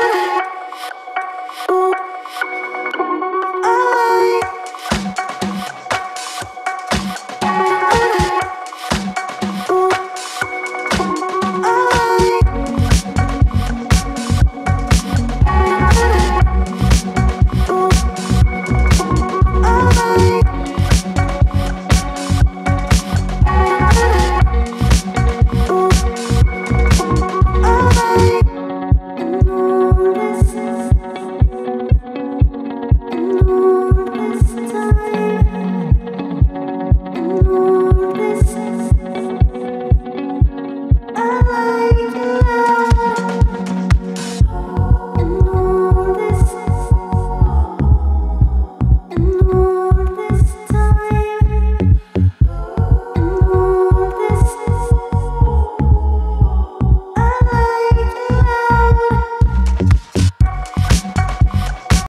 Bye.